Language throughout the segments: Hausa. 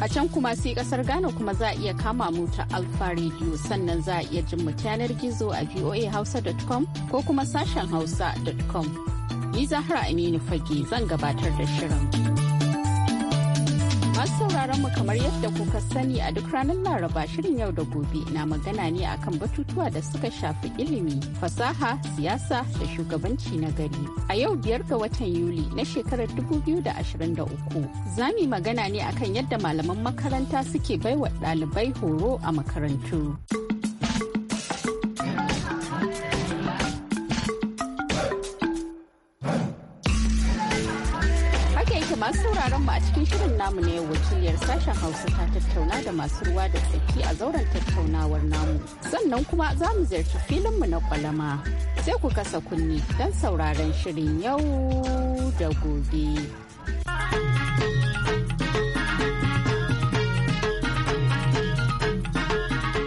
A can kuma sai kasar Ghana kuma za a iya kama mu ta Alfa Radio sannan za a iya jin mu yanar gizo a voahausa.com ko kuma sashen hausa.com. Ni Zahra Aminu Fage zan gabatar da shirin. Masu sauraron mu kamar yadda kuka sani a duk ranar Laraba shirin yau da gobe na magana ne akan batutuwa da suka shafi ilimi, fasaha, siyasa da shugabanci na gari. A yau biyar ga watan Yuli na shekarar 2023 za mu magana ne akan yadda malaman makaranta suke baiwa ɗalibai horo a makarantu. cikin shirin namu ne wakiliyar sashen hausa ta tattauna da masu ruwa da tsaki a zauren tattaunawar namu sannan kuma za mu ziyarci filinmu na kwalama sai ku kasa kunni don sauraron shirin yau da gobe.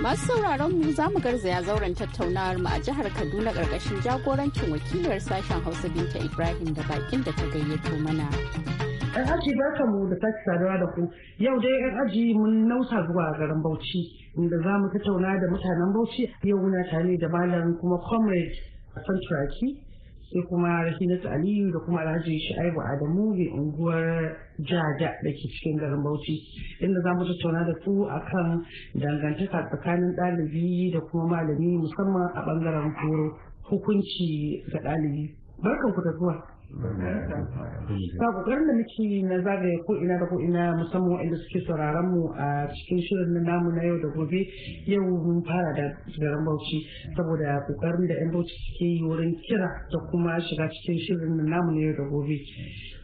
masu sauraron mu za mu garzaya zauren tattaunawar mu a jihar kaduna ƙarƙashin jagorancin wakiliyar sashen hausa binta ibrahim da bakin da ta gayyato mana 'yan aji barka mu da sake saduwa da ku yau dai 'yan aji mun nausa zuwa garin bauchi inda za mu tattauna da mutanen bauchi yau muna tare da malam kuma comrade san turaki sai kuma rahina aliyu da kuma alhaji sha'ibu adamu mai unguwar jaja da ke cikin garin bauchi inda za mu tattauna da su akan dangantaka tsakanin ɗalibi da kuma malami musamman a ɓangaren horo hukunci ga ɗalibi barkan ku da zuwa Ga kokarin da muke na zagaye ko ina da ko ina musamman waɗanda suke sauraron mu a cikin shirin na namu na yau da gobe yau mun fara da garin Bauchi saboda kokarin da 'yan Bauchi suke yi wurin kira da kuma shiga cikin shirin na namu na yau da gobe.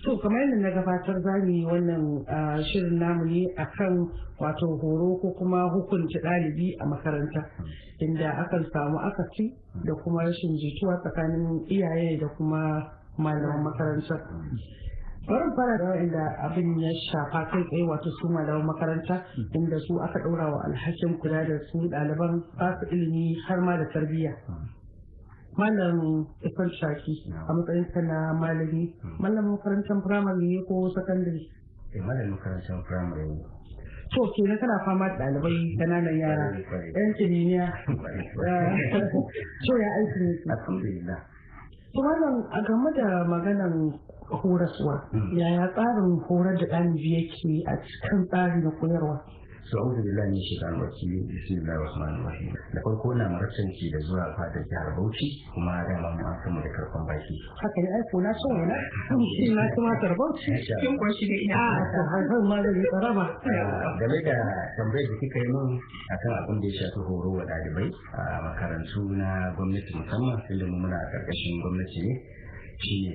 To kamar yadda na gabatar za mu yi wannan shirin namu ne akan wato horo ko kuma hukunci ɗalibi a makaranta inda akan samu akasi da kuma rashin jituwa tsakanin iyaye da kuma malaman makaranta. bari fara da wa'inda abin ya shafa kai tsaye wato su malaman makaranta inda su aka ɗora wa alhakin kula da su ɗaliban ba su ilimi har ma da tarbiyya malam ifan shaki a matsayin ka na malami malam makarantar firamare ne ko sakandare eh, malam makarantar firamare ne to ke na kana fama da ɗalibai kananan yara yan kimiyya to ya aiki ne alhamdulillah wannan a game da maganan horaswa hmm. yaya tsarin horar da ɗalibi yake a cikin tsari na koyarwa Sa'udu da zan yi shiga wakili bismillah rahman rahim da farko na martanci da zuwa fadar jihar Bauchi kuma da ma mu an da karfan baki haka ne ai na so ne na kuma Bauchi kin kwashi da ina a hankali ma zai karama ah, game da tambayar da kika yi min akan abin da ya shafi horo wa ɗalibai a makarantu na gwamnati musamman ilimin muna a ƙarƙashin gwamnati ne shi ne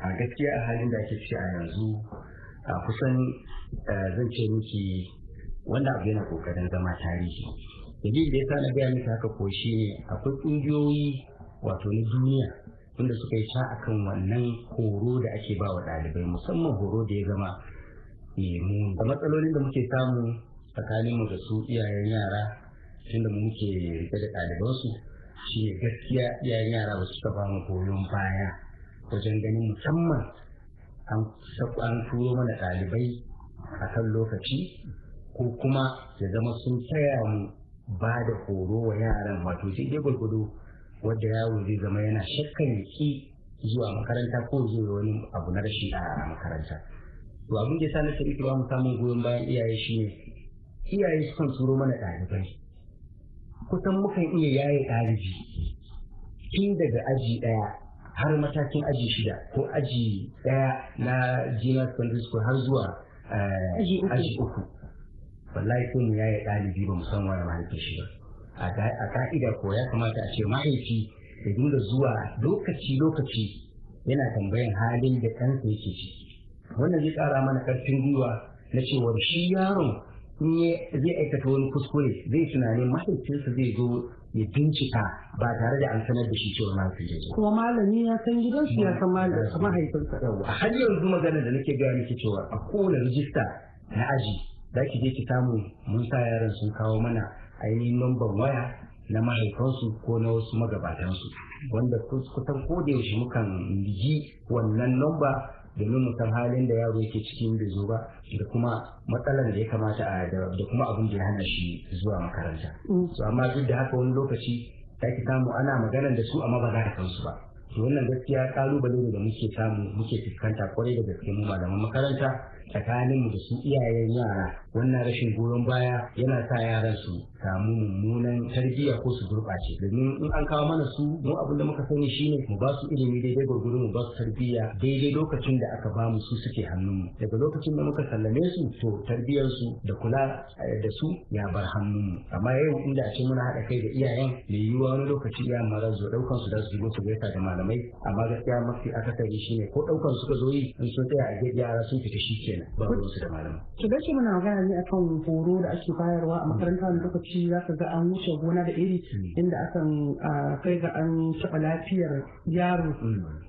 a gaskiya a halin da ake ciki a yanzu a kusan eh, zan ce miki wanda abu yana kokarin zama tarihi dalilin da ya sa na gaya mata haka ko shi ne akwai ƙungiyoyi wato na duniya wanda suka yi a akan wannan horo da ake ba wa ɗalibai musamman horo da ya zama eh, mu da matsalolin da muke samu tsakanin mu da su iyayen yara tunda mu muke rike da ɗalibansu shi ne gaskiya iyayen yara ba su ka mu goyon baya wajen ganin musamman an turo mana ɗalibai a kan lokaci ko kuma ya zama sun tsaya mu ba da horo wa yaran wato sai dai gwargwado wanda yawo zai zama yana shakkan ki zuwa makaranta ko zuwa wani abu na rashin a makaranta to abin da yasa na sai ba mu samun goyon bayan iyaye shi ne iyaye sukan turo mana ɗalibai kusan mukan iya yaye ɗalibi tun daga aji ɗaya har matakin aji shida ko aji ɗaya na junior secondary har zuwa eh, aji uku wallahi ya yi yi ɗalibi ba mu san wani mahaifin shi ba a ka'ida ko ya kamata a ce mahaifi da dinga zuwa lokaci lokaci yana tambayan halin da kansa yake ciki wannan zai ƙara mana ƙarfin gwiwa na cewa shi yaron in zai aikata wani kuskure zai tunanin mahaifinsa zai zo ya bincika ba tare da an sanar da shi cewa mahaifin da kuma malami ya san gidansu ya san mahaifinsa a har yanzu magana da nake gaya miki cewa a kowane rijista na aji za ki je ki samu mun sa yaran sun kawo mana ainihin lambar waya na mahaifansu ko na wasu magabatansu wanda kusan ko da yaushe mukan yi wannan lamba domin mu san halin da yaro yake cikin bai zo ba da kuma matsalar da ya kamata a da kuma abin da ya hana shi zuwa makaranta mm. so amma duk da haka wani lokaci da ki samu ana magana da su amma ba za ka kansu ba To wannan gaskiya kalubale ne da muke samu muke fuskanta kwarai da gaske mu malaman makaranta tsakanin mu da su iyayen yara wannan rashin goyon baya yana sa yaran su samu mummunan tarbiyya ko su gurɓace domin in an kawo mana su mu abin da muka sani shine mu ba su ilimi daidai gurgurun mu ba su tarbiyya daidai lokacin da aka bamu mu su suke hannun mu daga lokacin da muka sallame su to tarbiyyar su da kula eh, da su ya bar hannun mu amma yau inda a ce muna haɗa kai da iyayen mai yiwuwa wani lokaci iya mara zo ɗaukan su da su zo su gaisa da malamai amma gaskiya mafi akasari shine ko ɗaukan suka zo yi in sun tsaya a gidan yara sun fita shi kenan ba su da malamai. Ki gashi muna magana ne akan horo da ake bayarwa a makaranta wani lokaci lokaci za ka ga an wuce gona da iri hmm. inda akan ah, kai ga an taɓa lafiyar yaro hmm.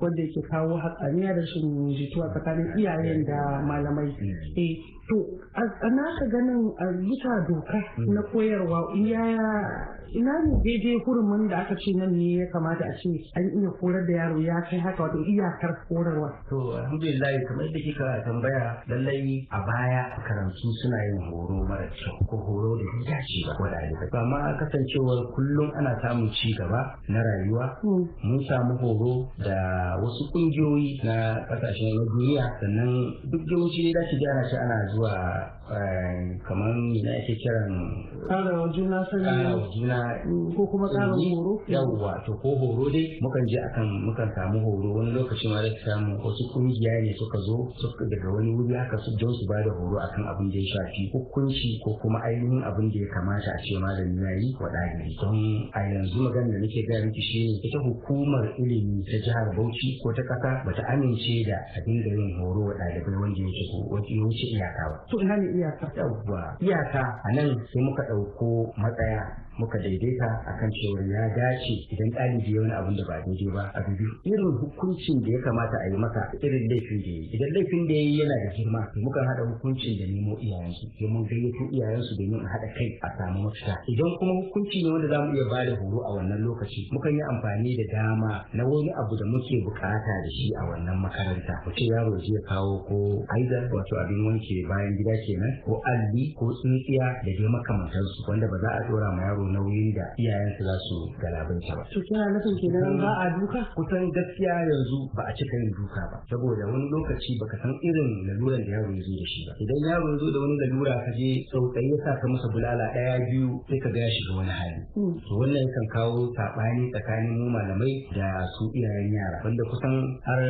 wanda yake kawo hatsaniya da rashin jituwa tsakanin iyayen da malamai mm. eh to a naka ganin a bisa doka mm. na koyarwa yaya ina ne daidai hurumin da aka ce nan ne ya kamata a ce an iya horar da yaro ya kai haka wato iyakar korarwa To alhamdulillah kamar da kika tambaya lallai a baya karantu suna yin horo mara kyau ko horo da ya dace ba wanda ba amma kasancewar kullum ana samun ci gaba na rayuwa mm. mun samu horo da A wasu kungiyoyi na kasashen duniya sannan duk yawanci da ke gyara shi ana zuwa Eh, kamar na ake kiran karawa juna sani mm, ko kuma karin horo yawwa to ko horo dai mukan je akan mukan samu horo wani lokaci ma da samu wasu kungiya ne suka zo daga wani wuri haka su don su bada horo akan abin da ya shafi hukunci ko kuma ainihin abin da ya kamata a ce malami na yi wa ɗalibi don a yanzu magana da nake gaya miki shi ne ita hukumar ilimi ta jihar Bauchi ko ta ƙasa bata amince da a dinga yin horo wa ɗalibai wanda yake ko wuce iyaka ba iyaka yawwa iyaka a nan sai muka ɗauko matsaya muka daidaita a kan cewar ya dace idan ɗalibi ya wani abin da ba daidai ba a dubi irin hukuncin da ya kamata a yi maka irin laifin da ya yi idan laifin da ya yi yana da girma to mukan haɗa hukuncin da nemo iyayensu domin gayyato iyayensu domin a haɗa kai a samu mafita idan kuma hukunci ne wanda za mu iya ba da horo a wannan lokaci mukan yi amfani da dama na wani abu da muke buƙata da shi a wannan makaranta ko ce yaro ya kawo ko aizar wato abin wanke bayan gida kenan ko alli ko tsintsiya da dai makamantansu wanda ba za a ɗora ma yaro nauyi nauyin da iyayensu za su galabanta ba. To kina nufin kenan ba a duka? Kusan gaskiya yanzu ba a cika yin duka ba saboda wani lokaci baka san irin laluran da yaro ya da shi ba. Idan yaro ya zo da wani lalura ka je tsautsayi ya sa ka masa bulala ɗaya biyu sai ka gaya shiga wani hali. Hmm. To wannan yakan kawo saɓani tsakanin mu malamai da su iyayen yara wanda kusan har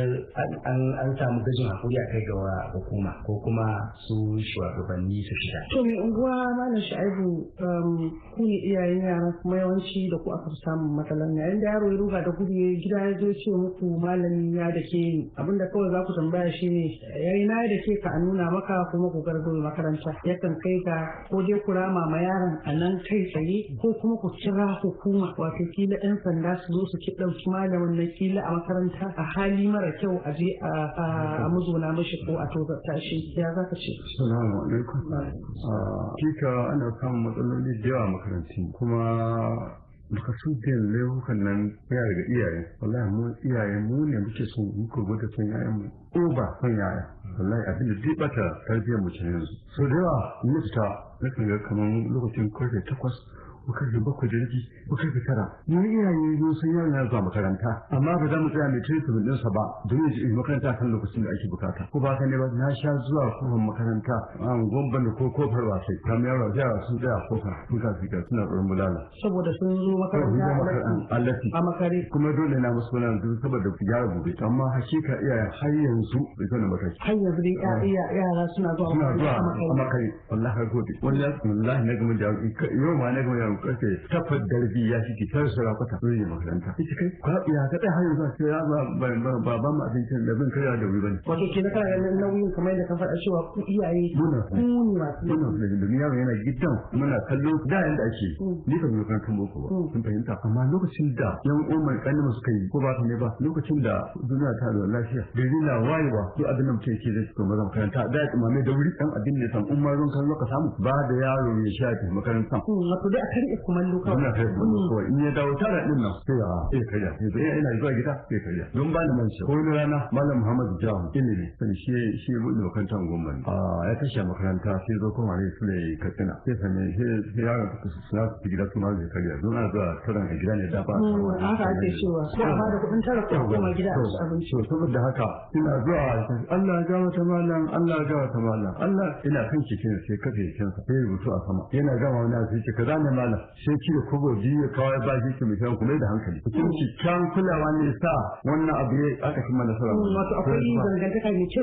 an samu gajin hakuri a kai ga hukuma ko kuma su shugabanni su shiga. To mai unguwa malam Shu'aibu um, ku iyayen iyayen yara kuma yawanci da ku aka samun matsalan yayin da yaro ya ruga da gudu gida ya zo ce muku malami ya da ke ni abinda kawai za ku tambaya shi ne yayi na da ke ka a nuna maka kuma ku gargaɗo makaranta yakan kai ka ko dai ku rama ma yaron a nan kai tsaye ko kuma ku kira hukuma wato kila yan sanda su zo su ki ɗauki malamin na kila a makaranta a hali mara kyau a je a muzuna mashi ko a tozarta shi ya za ka ce. Salamu alaikum. Ah, Kika ana samun matsaloli da yawa makarantun kuma duka sun fiye laifukan nan ya daga iyaye wallahi mu iyaye mu ne muke son muka gwada son yayan mu ko ba son yaya wallahi abin da zai bata tarbiyyar mu yanzu so da yawa na fita ga kamar lokacin karfe takwas ko karfe bakwai da rabi kai karfe tara mun iyaye mun san yaron ya zuwa makaranta amma ba za mu tsaya mai treatment ɗinsa ba don ya je makaranta kan lokacin da ake bukata ko ba ka ne ba na sha zuwa kofar makaranta An gwamban da ko kofar ba sai. kam yaro yara sun tsaya kofar sun kafi ka suna tsoron bulala saboda sun zo makaranta a makare kuma dole na musu bulala duk saboda ku gyara gobe amma hakika iya har yanzu bai zo na mataki har yanzu dai ah. yara suna zuwa a makare wallahi har gobe wallahi na gama jami'i yau ma na gama jami'i kace tafar darbi ya shi tar sarakata zo yi makaranta kace kai ka ta. ka dai hayo sai ya ba baban mu abincin da bin kaiwa da wuri bane wato ke na kana nan nauyin kamar da ka faɗa cewa ku iyaye ku ne masu muna da yaro yana gidan muna kallo da yanda ake mm. ni kan yi kan boko ba mm. kun fahimta amma lokacin da yan umar kanin suka yi ko ba ta ne ba lokacin da duniya ta da lafiya da rina wayewa ko abin da mutum yake da su kuma makaranta da ya tsimame da wuri dan abin ne san umar ron kan ka samu ba da yaro ya shafi makarantan mm, wato dai a zai iya kumallo kawai ina kai kumallo mm. kawai in ya dawo tara din nan sai ya sai kariya sai ina zuwa gida sai kariya don ba ni man shi ko ni rana malam Muhammadu Jahu ilimi sai shi shi bude makarantar gomman a ah, ya kashe makaranta sai zo kuma ne su ne katsina sai sami sai ya ga su suna su gida su ma zai kariya don ana zuwa taran a gida ne da ba mm, a samu haka ake cewa ko ba da kuɗin tara ko kuma gida a abinci saboda haka ina zuwa Allah ya gawa ta malam Allah ya gawa ta malam Allah ina kan cikin sai kafe cikin sai rubutu a sama yana gama wani asibiti kaza ne malam ta'ala sai ki da kobo biyu ya kawo ba shi ki mishan kuma da hankali hukunci kan kulawa ne sa wannan abu ya aka cimma nasara wato akwai dangantaka mai ce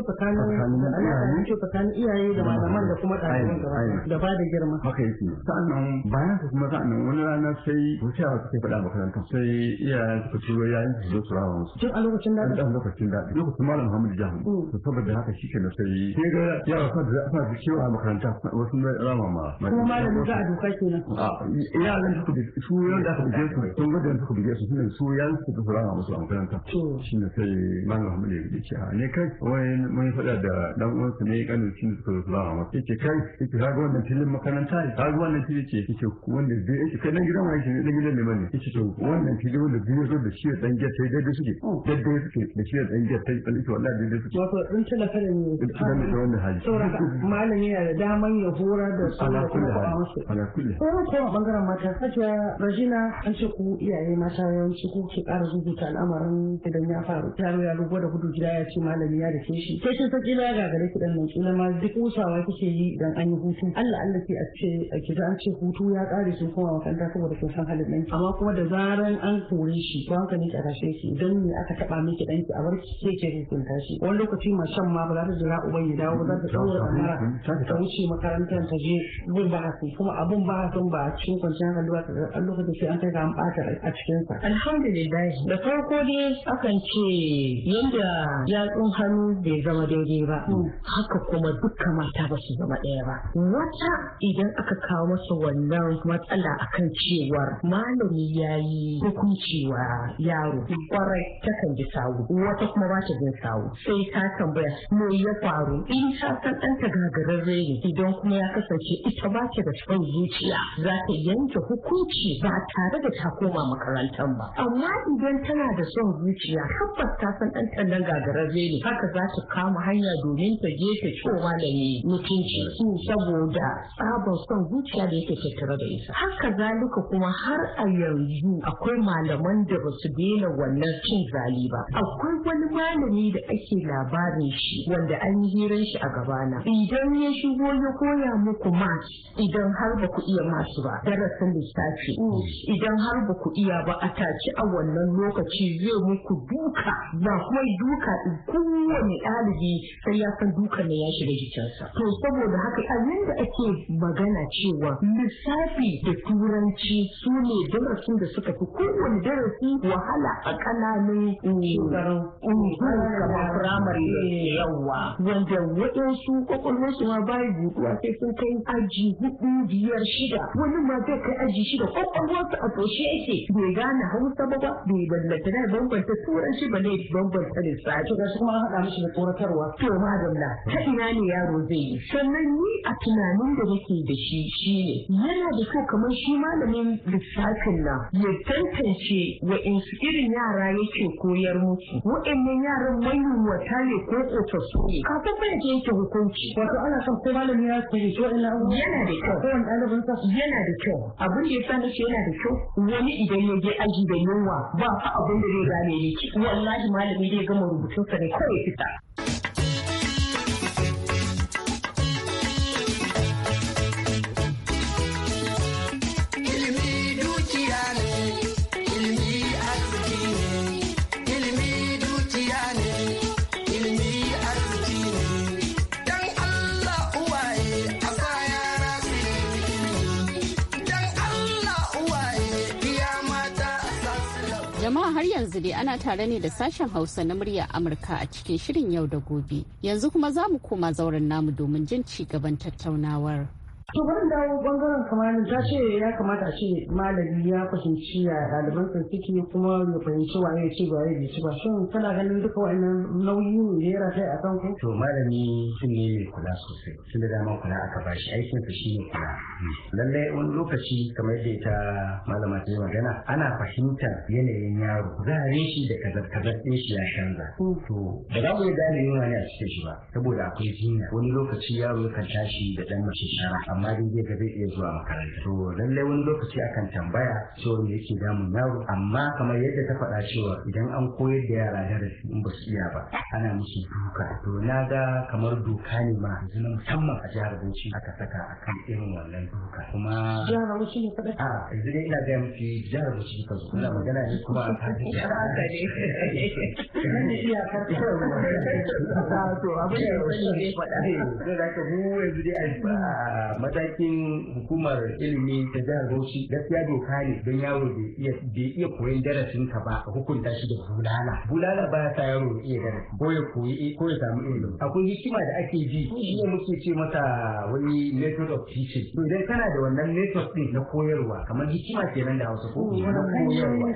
tsakanin iyaye da malaman da kuma ɗaliban da ba da girma haka yake sa'annan bayan su kuma sa'annan wani rana sai wuce wucewa suke faɗa makarantar sai iyayen suka turo yayin su zo su rawa musu tun a lokacin da ɗan lokacin daɗi lokacin malam Muhammad Jahan mm. to saboda haka shi ke na sai sai ga yara fa da fa cewa a makaranta wasu na rama ma kuma malamin za a doka kenan yaran su su yanda aka buge su sun gudun su buge su suna su yan su ka a musu a makaranta shi ne sai malam Ahmad ya ce a ne kai wai mun faɗa da dan uwan su ne kanin shi suka furama kai yace ka ga wannan filin makaranta ne ka ga wannan filin ce yace wanda zai yace kai dan gidan wani shi ne dan gidan ne yace to wannan filin wanda zo da shi dan gidan sai daidai suke oh. daidai suke da shi dan gidan sai dan ita wallahi daidai suke wato in talaka ne ne wannan hali saboda malami yana da daman ya horar da su ala kulli ala kulli ko ko ɓangaren mata sake rajina an ce ku iyaye mata yawanci ko ke ƙara rubuta al'amarin idan ya faru yaro ya rubo da gudu gida ya ce malami ya ke shi sai kin saki ya gagare ki dan nan ma duk kusawa kike yi idan an yi hutu Allah Allah ke a ce a gida an ce hutu ya ƙare sun koma makaranta saboda sun san halin ɗanki amma kuma da zaran an kore shi ko haka ne ƙarashe ki idan ne aka taɓa miki ɗanki a bar ke ke hukunta shi wani lokaci shan ma ba za ta jira uban ya dawo ba za ta ɗaura kamara ta wuce makarantar ta je bin ba kuma abun ba ba cin cikin kwanciyar a lokacin sai an kai ga an a cikin sa alhamdulillah da farko dai akan ce yanda yatsun hannu bai zama daidai ba mm. haka kuma dukkan mata ba su zama ɗaya ba wata idan aka kawo masa wannan matsala akan cewar malami yayi yi yaro mm. kwarai takan ji sawu wata kuma ba ta jin sawu sai ta tambaya me ya faru in ta san ɗanta gagararre ne idan kuma ya kasance ita ba ta da son zuciya za ta yi yanke hukunci ba tare da ta koma makarantar ba amma idan tana da son zuciya tabbas ta san ɗan tallan gagararre ne haka za ta kama hanya domin ta je ta ci malami mutunci su saboda sabon son zuciya da yake tare da isa, haka zalika kuma har a yanzu akwai malaman da ba su daina wannan cin zali ba akwai wani malami da ake labarin shi wanda an yi hirar shi a gabana idan ya shigo ya koya muku mas idan har ba ku iya masu ba darasin lissafi idan har ba ku iya ba a taci a wannan lokaci zai muku duka ba kuma duka in kowane ɗalibi sai ya san duka ne ya shiga jikinsa to saboda haka abin da ake magana cewa lissafi da turanci su ne darasin da suka fi kowane darasi wahala a ƙananun kamar firamare yawa wanda waɗansu kwakwalwarsu ma bayan guguwa sai sun kai aji hudu biyar shida wani ma zai kai aji shi da kwakwalwarsa a toshe yake bai gane hausa ba ba bai ballanta da bambanta turanci ba ne bambanta lissafi ga shi kuma an haɗa mishi da tsoratarwa to madalla ta ina ne yaro zai yi sannan ni a tunanin da nake da shi shine yana da kyau kamar shi malamin lissafin nan ya tantance wa wa'insu irin yara yake koyar musu wa'annan yaran wata ne ko tsofaffi ne kafin fahimta yake hukunci wato ana son ko malamin ya koyi so ina yana da kyau ko wani ɗalibin sa yana da kyau abin da yasa nake yana da kyau wani idan ya je aji da yunwa ba fa abin da zai gane ne wallahi malami zai gama rubutunsa da ne kawai fita har yanzu dai ana tare ne da sashen Hausa na murya Amurka a cikin shirin yau da gobe. Yanzu kuma za mu koma zauren namu domin jin ci gaban tattaunawar. To bari dawo bangaren kamar ta ce ya kamata ce malami ya fahimci ya ɗaliban sa kuma ya fahimci waye ya ce ba ya ce ba shin kana ganin duka wa'annan nauyi ne ya rataya a kan ku? To malami sun ne mai kula sosai sun da dama kula aka ba shi aikin sa shi ne kula. Lallai wani lokaci kamar yadda ita malama ta yi magana ana fahimtar yanayin yaro zarin shi da kazar-kazar ɗin shi ya canza. Hmm. To ba za mu iya gane yunwa ne a cikin shi ba saboda akwai jinya wani lokaci yaro kan tashi da ɗan mace shara amma amma dai zai ga iya zuwa makaranta to lallai wani lokaci akan tambaya cewa me yake damun yaro amma kamar yadda ta faɗa cewa idan an koyar da yara darasi in ba su iya ba ana musu duka to na ga kamar duka ne ma yanzu na musamman a jihar Bauchi aka saka akan irin wannan duka kuma jihar Bauchi ne kaɗai a yanzu dai ina gaya miki jihar Bauchi ka zo ina magana ne kuma a kan jihar Bauchi to abin da ya faɗa ne zai da ka mu yanzu dai a matakin hukumar ilimi ta jihar Bauchi gaskiya doka ne don yaro bai iya koyon darasin ka ba hukunta shi da bulala bulala ba ta yaro iya darasi ko ya koyi eh, ko ya samu ilimi akwai hikima da ake ji shi ne muke ce mata wani method of teaching to idan kana da wannan method din na koyarwa kamar hikima kenan da Hausa ko mm, na koyarwa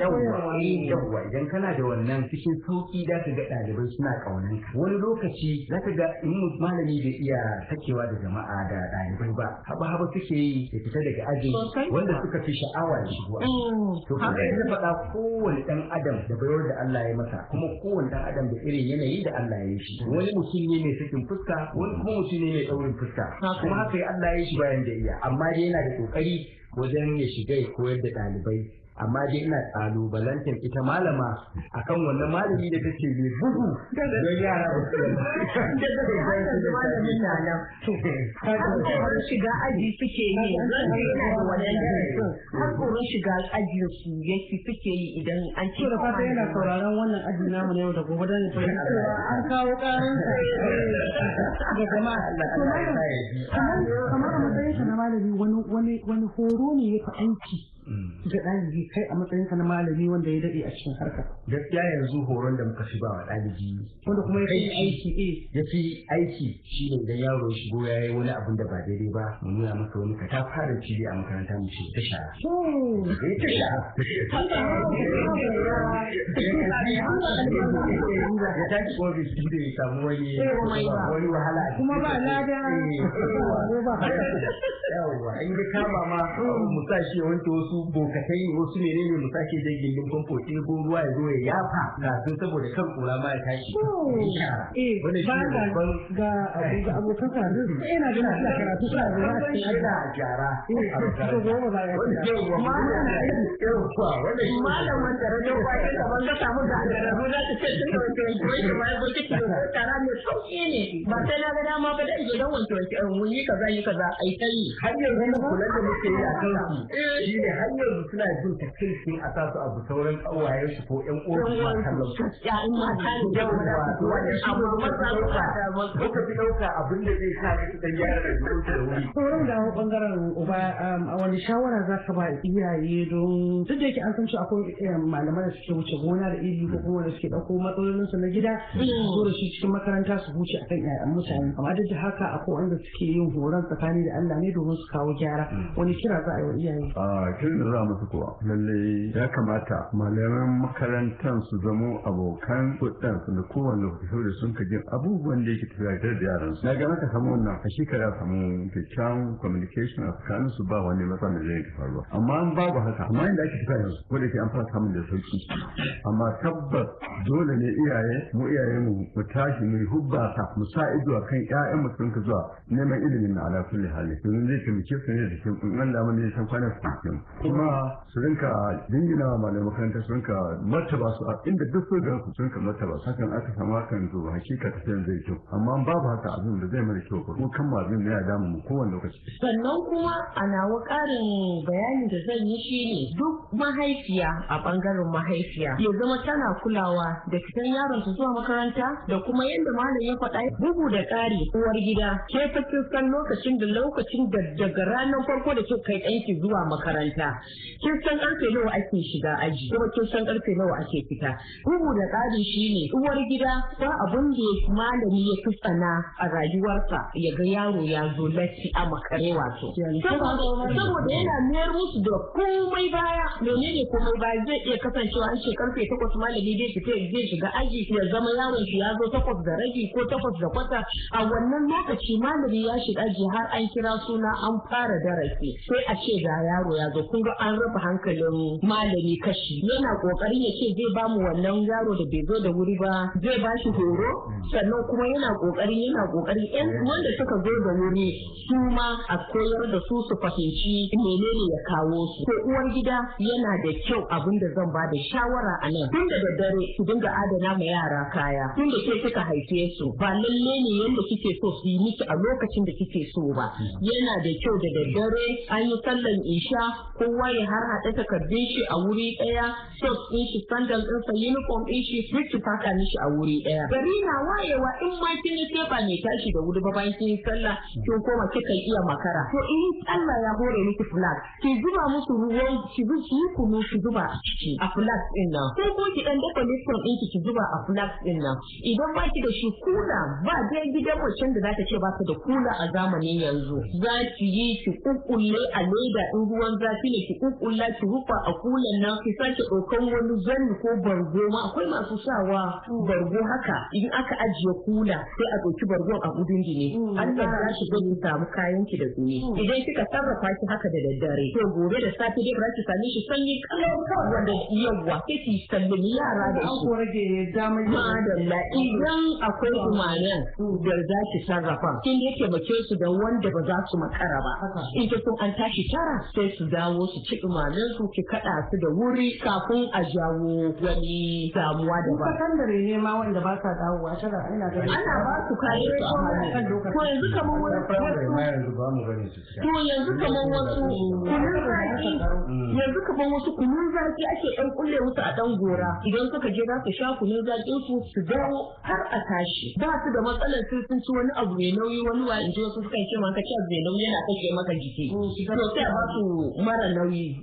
yawwa eh, idan kana da wannan cikin sauki za ka ga ɗalibai suna ƙaunanka. wani lokaci za ka ga in malami bai iya sakewa da jama'a da ɗalibai ba haba haba suke yi da fita daga aji wanda suka fi sha'awa da shigo mm, to kuma ya faɗa kowane ɗan adam da bayar da Allah ya masa kuma kowane ɗan adam da irin yanayi da Allah ya yi shi wani mutum ne mai sakin fuska wani kuma mutum ne mai ɗaurin fuska kuma haka ya Allah ya yi shi bayan da iya amma dai yana da ƙoƙari wajen ya shiga ya koyar da ɗalibai amma dai ina kalubalantar ita malama akan wannan malami da take mai bugu don yara yi har shiga aji su yake idan an ce da na malami wani horo ne ya fi aiki da ɗalibi kai a matsayinka na malami wanda ya daɗe a cikin harka. Gaskiya yanzu horon da muka fi ba wa ɗalibi. Wanda kuma ya fi aiki eh. Ya fi aiki shi ne idan yaro ya shigo ya yi wani abin da ba daidai ba mu nuna maka wani ka ta fara cire a makaranta mu ce ta shara. Eh, ta shara. Ya ta kuma bai shi da ya samu wani eh, wani wahala. Kuma eh, ba lada. Yawwa in ga kama ma mu sa shi ya wanke wasu bokatai wasu menene mu sake zai gindin famfo sai ko ruwa ya zo ya yafa kafin saboda kan kura ma ya tashi wannan shi ne babban ga abokan sarin ina da na karatu sa ruwa a cikin yana gyara malamin da rage kwaye da wanda samu ga gararru za ta ce tun da wanke wanke wanke ma ya burki ta tara mai sauƙi ne ba sai na ga dama ba da ido don wanke wanke wanke yi kaza yi kaza ai ta yi har yanzu kula da muke yi a kan shi ne har yanzu suna jin ta kai sai a sa su abu sauran kawayen su ko ƴan uwan mata mata fi ɗauka abin da zai sa su dan gyara da zuciya da wuri. Sauran da bangaren uba um, a wani shawara za ka ba iyaye don duk da yake an san cewa akwai eh, malaman da suke wuce gona da iri ko kuma da suke ɗauko su na gida su da shi cikin makaranta su huce kan ƴaƴan mutane amma duk da haka akwai wanda suke yin horon tsakani da Allah ne domin su kawo gyara hmm. wani kira za a yi wa iyaye. Ah, da za musu kuwa lalle ya kamata malaman makarantar su zamo abokan kuɗin su da kowane lokaci da sun ka abubuwan da yake tafiya da yaran su na ga maka samu wannan a shekara samu kyakkyawan communication a tsakanin su ba wani matsala da zai faruwa amma an babu haka amma inda ake tafiya yanzu ko da ke an fara samun da sauki amma tabbas dole ne iyaye mu iyaye mu mu tashi mu hubba ta mu sa ido kan ƴaƴan mu sun ka zuwa neman ilimin na ala kulli hali domin zai taimake su ne da cikin Allah mun ne san kwana su kuma su rinka dingina wa malamai makaranta su rinka martaba su a inda duk su ga su rinka martaba su hakan aka samu hakan to hakika tafiyan zai kyau amma babu haka abin da zai mara kyau ko kan abin ne ya damu mu kowane lokaci sannan kuma a nawa karin bayani da zan yi shine duk mahaifiya a bangaren mahaifiya ya zama tana kulawa da fitan yaron su zuwa makaranta da kuma yadda malam ya faɗa bugu da ƙari uwar gida ke fa san lokacin da lokacin da daga ranar farko da kika kai ɗanki zuwa makaranta kin san karfe nawa ake shiga aji kuma kin san karfe nawa ake fita bugu da tsari shine uwar gida ba abun da ya malami ya fi a rayuwarsa ya ga yaro ya zo latti a makare wato saboda yana mayar musu da komai baya menene komai baya zai iya kasancewa an ce karfe takwas malami zai fita zai shiga aji ya zama yaron shi ya zo takwas da ragi ko takwas da kwata a wannan lokaci malami ya shiga aji har an kira suna an fara darasi sai a ce ga yaro ya zo kun sun ga an raba hankalin malami kashi yana kokari ya ce zai ba mu wannan yaro da bai zo da wuri ba zai ba shi horo sannan kuma yana kokari yana kokari yan wanda suka zo da wuri su ma a koyar da su su fahimci menene ya kawo su ko uwar gida yana da kyau abin da zan ba da shawara a nan tun da daddare su dinga adana ma yara kaya tun da ke suka haife su ba lalle ne yanda kike so su yi miki a lokacin da kike so ba yana da kyau da daddare an yi sallan isha ko Waye har har ta takardun shi a wuri ɗaya shot ɗin shi sandal sa uniform ɗin shi duk faka mishi a wuri ɗaya gari na wayewa in ma kin yi ba ne tashi da wuri ba bayan kin yi sallah kin koma kika iya makara to in Allah ya hore miki flag ki zuba musu ruwan ki zuba ki kunu ki zuba a ciki a flag ɗin nan ko ko ki dan dafa ɗin ki zuba a flag ɗin nan idan ba ki da shi kula ba dai gidan mutum da za ta ce ba ka da kula a zamanin yanzu za ki yi ki kukkulle a leda in ruwan zafi ne shuququl rufa a kulan nan ki sake ɗaukan wani zanni ko bargo ma akwai masu sawa bargo haka in aka ajiye kula sai a ɗauki bargo a gudun ne mm. an tsara shi don samu kayan ki da tsuni mm. idan kika sarrafa shi haka da daddare to gobe da safe dai ki shi sanyi kalau wanda yawa kike sallami yara da shi ko rage damar madalla idan akwai umarnin da za ki sarrafa kin yake mace su da wanda ba za su makara ba in ta sun an tashi tara sai su dawo su ci imanin su ki kada su da wuri kafin a jawo wani damuwa da ba. Sakandare ne ma wanda ba sa a tana ina ga ana ba su kare su a ko yanzu kamar wani yanzu ba mu to yanzu kamar wasu mm. yanzu kamar wasu kunun zaki ake dan kulle musu a dan gora idan suka je za su sha kunun zakin su su dawo har a tashi ba su da matsalar sai sun ci wani abu mai nauyi wani wa in ji wasu suka ce ma ka ci abu mai nauyi yana kashe maka jiki mm, to sai a ba su mara nauyi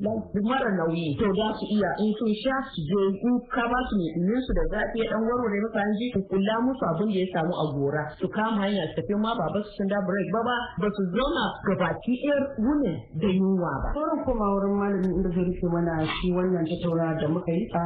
mara nauyi to za su iya in sun sha su je in ka ba su mai su da zafi dan warware maka hanji ku kula musu abin da ya samu a gora su kama hanya su tafi ma ba su sun da break ba ba ba su zauna gabaki ɗayar wunin da yunwa ba. Sauran kuma wurin malamin da zai rufe mana shi wannan tattauna da muka yi a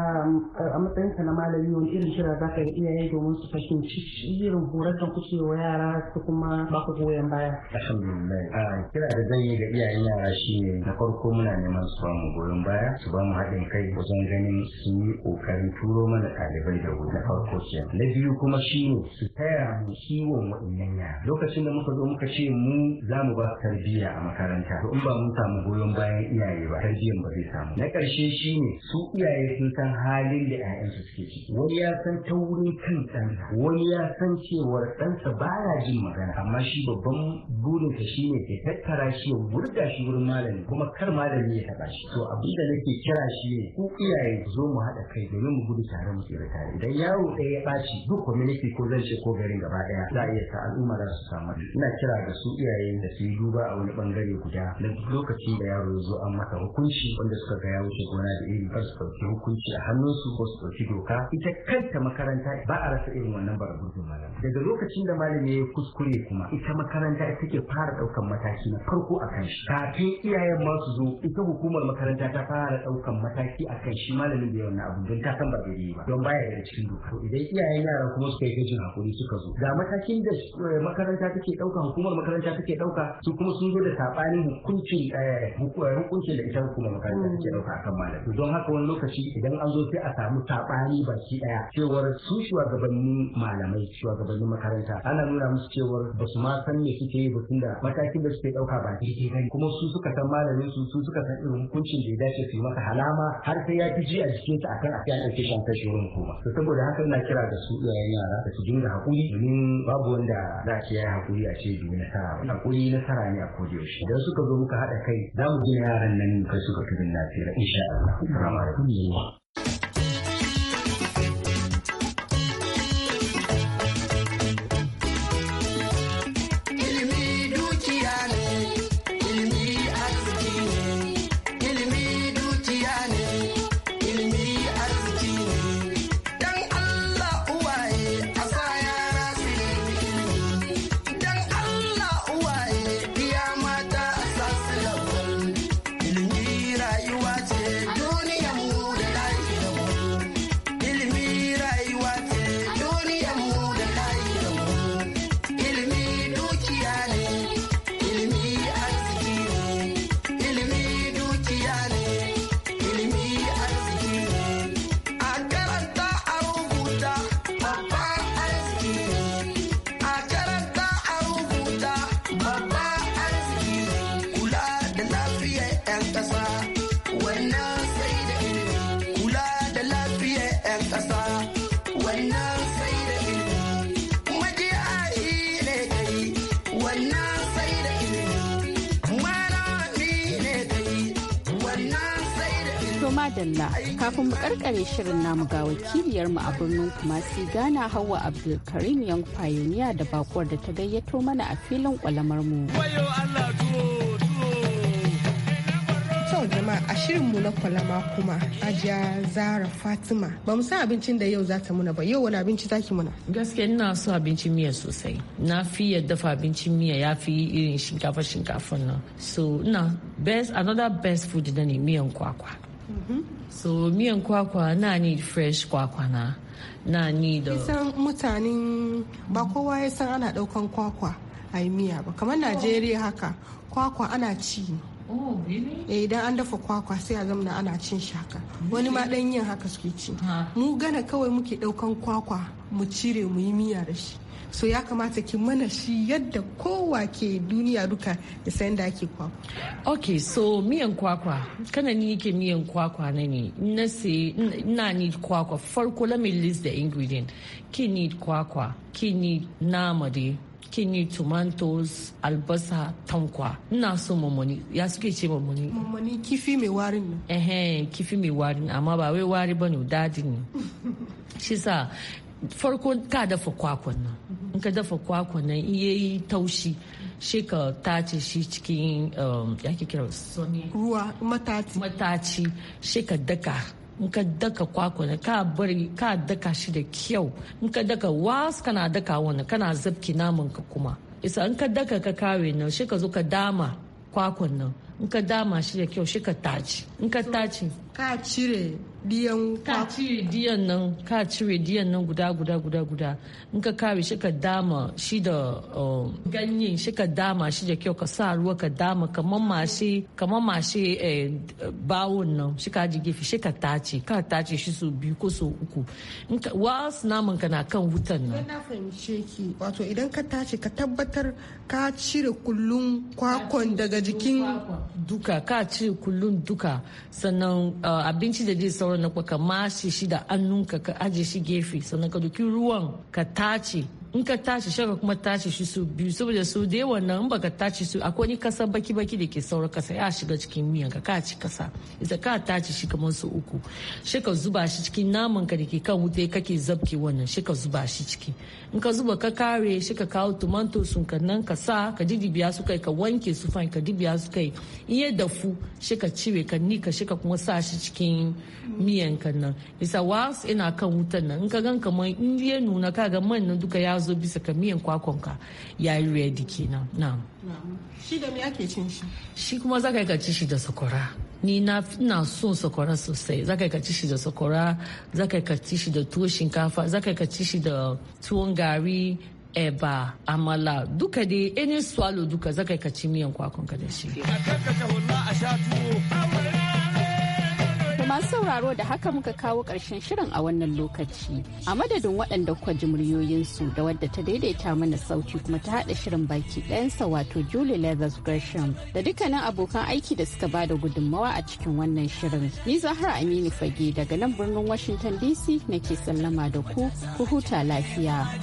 matsayinka na malami wani irin kira za ka iyaye domin su fahimci irin horar da kuke wa yara su kuma ba ku goyon baya. Alhamdulillah. Kira da zan yi ga iyayen yara shi ne na farko muna neman su bamu goyon baya su bamu haɗin kai wajen ganin sun yi ƙoƙarin turo mana ɗalibai da wuri na farko na biyu kuma shi ne su taya mu kiwon waɗannan yara lokacin da muka zo muka ce mu za mu ba tarbiyya a makaranta to in ba mun samu goyon bayan iyaye ba tarbiyyan ba zai samu na ƙarshe shi ne su iyaye sun san halin da 'ya'yansu suke ciki wani ya san ta wurin kan ɗansa wani ya san cewar ɗansa ba ya jin magana amma shi babban burinsa shine ya tattara shi ya wurga shi wurin malami kuma kar malami malami ya haɗa shi to abin da nake kira shi ne ku iyaye ku zo mu haɗa kai domin mu gudu tare mu tsira tare idan yaro ɗaya ya ɓaci duk community ko zan ce ko garin gaba ɗaya za a iya sa al'umma za su samu ina kira da su iyaye da su yi duba a wani bangare guda na lokacin da yaro ya zo an masa hukunci wanda suka ga ya wuce gona da iri kar su ɗauki hukunci a hannunsu ko su ɗauki doka ita kanta makaranta ba a rasa irin wannan baragudun malam daga lokacin da malami ya kuskure kuma ita makaranta ita take fara ɗaukan mataki na farko a kan shi kafin iyayen ma su zo ita hukumar makaranta ta fara daukan mataki a kan shi malamin da yawan abu don ta san ba daidai ba don baya da cikin doka idan iyayen yara kuma suka yi gajin hakuri suka zo ga matakin da eh, makaranta take dauka hukumar makaranta take dauka su kuma sun zo da sabanin hukuncin eh, eh, hukuncin da ita hukumar makaranta take dauka akan malam don haka wani lokaci idan an zo sai a samu sabani baki daya cewar su shugabannin malamai shugabannin makaranta ana nuna musu cewar ba su ma san me suke yi ba tunda matakin da suke dauka ba daidai kuma su suka san malamin su su suka san irin hukuncin da ya dace su yi masa halama har sai ya ji a jikin sa akan akan ɗauke shi an kai wurin hukuma to saboda haka ina kira da su iyayen yara da su dinga hakuri domin babu wanda za ki yi hakuri a ce bi nasara ba hakuri nasara ne a kodi yaushe idan suka zo muka haɗa kai za mu gina yaran nan kai su ga tudun lafiya insha Allah. Assalamu alaikum. kafin mu karkare shirin namu ga wakiliyarmu a birnin kumasi Ghana Hawa Abdulkarim Young Pioneer da bakuwar da ta gayyato mana a filin kwalamar mu. yau jama'a a mu na kwalama kuma ajiya zara fatima ba mu san abincin da yau za ta muna ba yau wani abinci za ki muna gaskiya ina so abincin miya sosai na fi yadda dafa abincin miya ya fi irin shinkafa shinkafa nan so ina best another best food da ne miyan kwakwa mm-hmm. so miyan kwakwa na ni fresh kwakwa na na da uh, kisan mutanen ba kowa ya san ana daukan kwakwa a yi miya ba kamar oh. najeriya haka kwakwa ana ci oh, eh, idan an dafa kwakwa sai a zamana ana cin shi haka wani ma dan yin haka suke ci mu gana kawai muke ɗaukan kwakwa mu cire mu yi miya da shi so ya kamata ki mana shi yadda kowa ke duniya duka da sayan da ake kwakwa ok so miyan kwakwa kana ni yake miyan kwakwa na ne na se na need kwakwa farko let me list the ingredient ki need kwakwa ki need nama dai need tomatoes albasa tankwa ina so mamoni ya suke ce mamoni mamoni kifi mai warin ne eh kifi mai warin amma ba wai wari bane dadi ne shi sa farko ka dafa kwakwan nan in ka dafa kwakwan nan in yayi taushi shi ka tace shi cikin um, ya ke kira ruwa mataci matati shi ka daka in ka daka nan ka bari ka daka shi da kyau in ka daka was kana daka wani kana zabki naman ka kuma isa in ka daka ka kawe nan shi ka zo ka dama kwakwan nan in ka dama shi da kyau shi ka tace in ka tace ka cire diyan ka cire diyan nan ka cire diyan nan guda guda guda guda in ka kare shi ka dama shi da um, ganye shi ka dama shi da kyau ka sa ruwa ka dama kamar mashi kamar mashe eh, bawon nan shi ka ji gefe shi ka tace ka tace shi su biyu ko su uku wasu naman ka na kan wutan nan na fahimce ki wato idan ka tace ka tabbatar ka cire kullun kwakwan daga jikin duka ka cire kullun duka sannan uh, abinci da zai sauran na ka masu shi da nunka ka aje shi gefe sannan ka duki ruwan ka tace in ka tashi shaka kuma tashi shi su biyu saboda su da yawan nan in baka tashi su akwai ni kasa baki baki da ke saura kasa ya shiga cikin miyan ka ka ci kasa isa ka tashi shi kamar su uku shi ka zuba shi cikin naman ka da ke kan wuta kake zabke wannan shi ka zuba shi ciki in ka zuba ka kare shi ka kawo tumanto sun ka nan ka sa ka dibiya su kai ka wanke su fan ka dibiya su kai in ya dafu shi ka cire ka ka shi ka kuma sa shi cikin miyan ka nan isa was ina kan wutan nan in ka gan kamar in ya nuna ka ga man nan duka ya zo bisa ka miyan ka ya yi ready kenan na shi da me ake cin shi shi kuma za ka ci shi da sakwara ni na ina son sakwara sosai za ka ci shi da sakwara za ka ci shi da tuwo shinkafa za ka ci shi da tuwon gari eba amala duka dai any swallow duka za ka ci miyan ka da shi a sha tuwo Masu sauraro da haka muka kawo ƙarshen shirin a wannan lokaci. A madadin waɗanda kuka ji muryoyinsu da wadda ta daidaita mana sauki kuma ta haɗa shirin baki ɗayansa wato Julie Leathers Gresham da dukkanin abokan aiki da suka bada gudummawa a cikin wannan shirin. Ni Zahra Aminu Fage daga nan birnin Washington DC nake sallama da ku, ku huta lafiya.